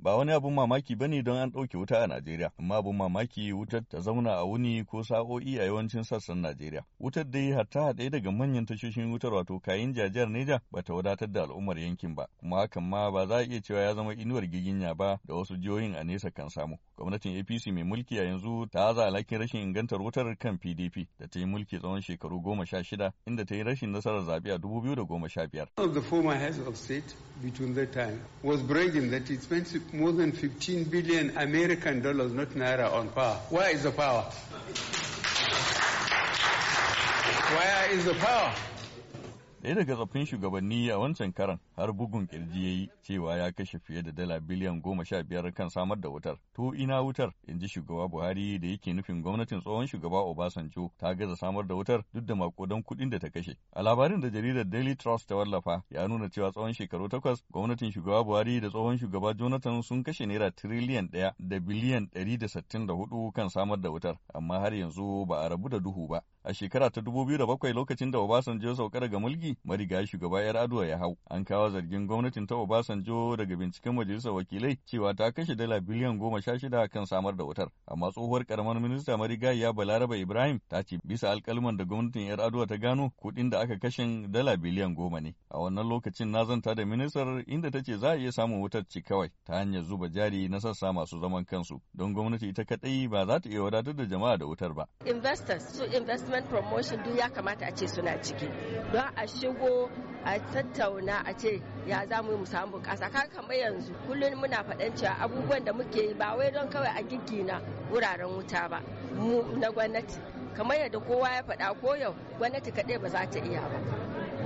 Ba wani abun mamaki ba ne don an ɗauke wuta a Najeriya, amma abun mamaki wutar ta zauna a wuni ko sa'o'i a yawancin sassan Najeriya. Wutar dai hatta haɗe daga manyan tashoshin wutar wato kayan jajiyar Neja ba ta wadatar da al'ummar yankin ba, kuma hakan ma ba za a iya cewa ya zama inuwar giginya ba da wasu jihohin a nesa kan samu. Gwamnatin APC mai mulki a yanzu ta haza alhakin rashin ingantar wutar kan PDP da ta yi mulki tsawon shekaru goma sha shida inda ta yi rashin nasarar zaɓe a dubu biyu da goma sha biyar. One of the former heads of state between that time was bragging that more than 15 billion American dollars, not naira, on power. Where is the power? Where is the power? daya daga tsoffin shugabanni a wancan karan har bugun kirji ya yi cewa ya kashe fiye da dala biliyan goma sha biyar kan samar da wutar. To ina wutar, in ji shugaba Buhari da yake nufin gwamnatin tsohon shugaba Obasanjo ta gaza samar da wutar duk da makudan kuɗin da ta kashe. A labarin da jaridar Daily Trust ta wallafa ya nuna cewa tsawon shekaru takwas gwamnatin shugaba Buhari da tsohon shugaba Jonathan sun kashe naira tiriliyan ɗaya da biliyan ɗari da sittin da hudu kan samar da wutar, amma har yanzu ba a rabu da duhu ba. a shekara ta dubu biyu bakwai lokacin da Obasanjo saukar daga mulki marigayi shugaba 'yar Yar'adua ya hau. An kawo zargin gwamnatin ta Obasanjo daga binciken majalisar wakilai cewa ta kashe dala biliyan goma sha shida kan samar da wutar. Amma tsohuwar karamar minista marigayiya Balaraba Ibrahim ta ce bisa alkalman da gwamnatin 'yar Yar'adua ta gano kuɗin da aka kashe dala biliyan goma ne. A wannan lokacin na zanta da ministar inda ta ce za a iya samun wutar ci kawai ta hanyar zuba jari na sassa masu zaman kansu don gwamnati ita kaɗai ba za ta iya wadatar da jama'a da wutar ba. employment promotion duk ya kamata a ce suna ciki don a shigo a tattauna a ce ya za mu yi mu samu bunƙasa kan kamar yanzu kullum muna faɗan cewa abubuwan da muke yi ba wai don kawai a giggina wuraren wuta ba mu na gwamnati kamar yadda kowa ya faɗa ko yau gwamnati kaɗai ba za ta iya ba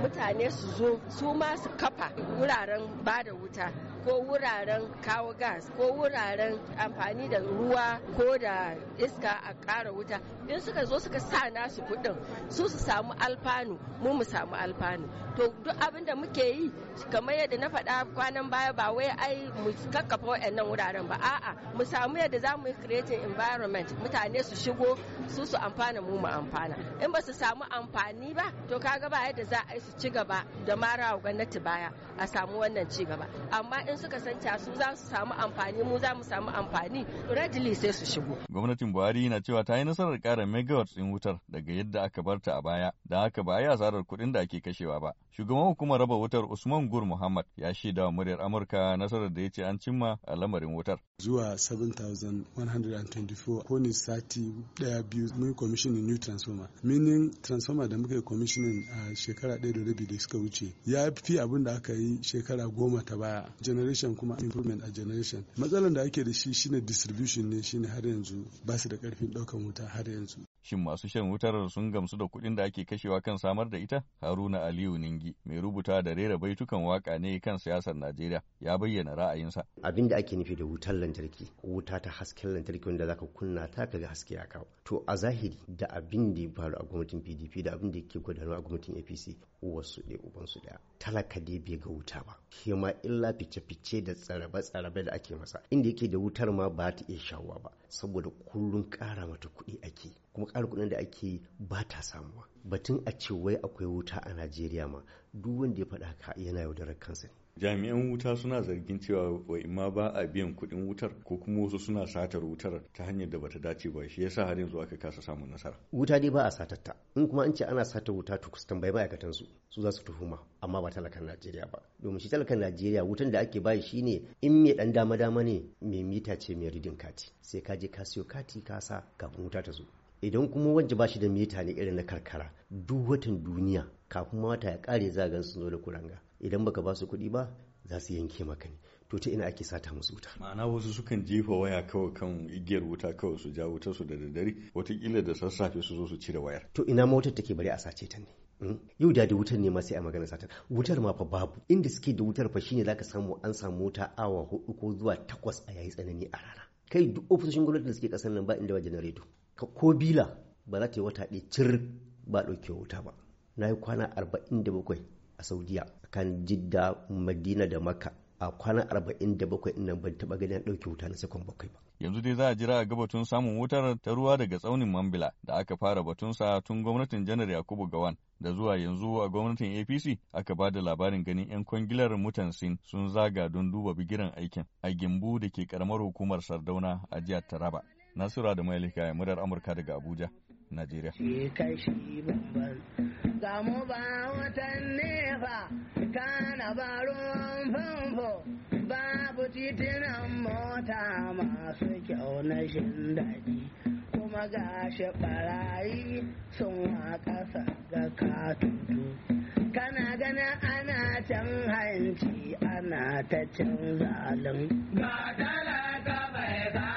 mutane su zo su ma su kafa wuraren ba da wuta ko wuraren kawo gas ko wuraren amfani da ruwa ko da iska a kara wuta in suka zo suka sa nasu kudin su su samu alfanu mu mu samu alfanu to duk abin da muke yi kamar yadda na faɗa kwanan baya ba wai ai mu kakkafa waɗannan wuraren ba a'a mu samu yadda za mu yi creating environment mutane su shigo su su amfana mu mu amfana in ba su samu amfani ba to kaga ba yadda za a yi su ci gaba da mara gwamnati baya a samu wannan ci gaba amma in suka san su za su samu amfani mu za mu samu amfani rajili sai su shigo. Gwamnatin Buhari na cewa ta yi nasarar ƙara megawatts ɗin wutar daga yadda aka bar ta a baya da haka ba a yi asarar kuɗin da ake kashewa ba. Shugaban hukumar raba wutar Usman Gur Muhammad ya shaida wa muryar Amurka nasarar da ya ce an cimma a lamarin wutar. Zuwa 7,124 kowane sati ɗaya biyu mun yi commissioning new transformer. minin transformer da muka yi commissioning a shekara ɗaya da rabi da suka wuce ya fi abin da aka yi shekara goma ta baya. generation kuma improvement a generation matsalar da ake da shi shine distribution ne shine har yanzu ba su da karfin daukan wuta har yanzu shin masu shan wutar sun gamsu da kuɗin da ake kashewa kan samar da ita haruna aliyu ningi mai rubuta da rera baitukan waka ne kan siyasar najeriya ya bayyana ra'ayinsa abin da ake nufi da wutar lantarki wuta ta hasken lantarki wanda zaka kunna ta ga haske ya kawo to a zahiri da abin da ya faru a gwamnatin pdp da abin da yake gudanarwa a gwamnatin apc wasu ɗaya ubansu ɗaya talaka dai bai ga wuta ba shi ma illa fice fice da tsarabe-tsarabe da ake masa inda yake da wutar ma ba ta iya shawuwa ba saboda kullum ƙara mata kuɗi ake kuma ƙara kuɗin da ake ba ta samuwa batun a ce wai akwai wuta a najeriya ma duk wanda ya faɗa haka yana yaudarar kansa jami'an wuta suna zargin cewa wai ma ba a biyan kuɗin wutar ko kuma wasu suna satar wutar ta hanyar da bata dace ba shi yasa har yanzu aka kasa samun nasara wuta dai ba a satar ta in kuma an ce ana satar wuta to kusan bai ma'aikatan su su za su tuhuma amma ba talakan Najeriya ba domin shi talakan Najeriya wutan da ake bayi shine in mai dan dama dama ne mai mita ce mai ridin kati sai ka je ka siyo kati ka sa kafin wuta ta zo idan kuma waje ba shi da mita ne irin na karkara duk watan duniya kafin mata ya kare za gan su zo da kuranga idan baka ba su kuɗi ba za su yanke maka ne to ta ina ake sata musu wuta ma'ana wasu sukan jefa waya kawai kan igiyar wuta kawai su ja wuta su da daddare watakila da sassafe su zo su cire wayar to ina ma wutar take bari a sace ta ne hmm? yau da da wutar ne ma sai a magana sata wutar ma fa babu inda suke da wutar fa shine zaka samu an samu wuta awa hudu ko zuwa takwas a yayi tsanani a rana kai duk ofisoshin gwamnati da suke kasar nan ba inda ba janareto ka ko bila ba za ta yi wata ɗaya cir ba ɗauke wuta ba na yi kwana arba'in da bakwai a saudiya kan jidda madina da makka a kwana arba'in da bakwai ina ban taɓa ganin ɗauke wuta na sakon bakwai ba yanzu dai za a jira a ga batun samun wutar ta ruwa daga tsaunin mambila da aka fara batunsa tun gwamnatin janar yakubu gawan da zuwa yanzu a gwamnatin apc aka ba da labarin ganin 'yan kwangilar mutan sun zaga don duba bigiran aikin a gimbu da ke karamar hukumar sardauna a jihar taraba nasura da mailika murar amurka daga abuja Najeriya. Ga mu ba watan nefa, kana ba ruwan famfo, babu titinan mota masu kyau na shin daji. Kuma ga shi barayi sun haƙasa ga katutu. Kana gana ana can hanci ana ta can zalin. Ga talaka bai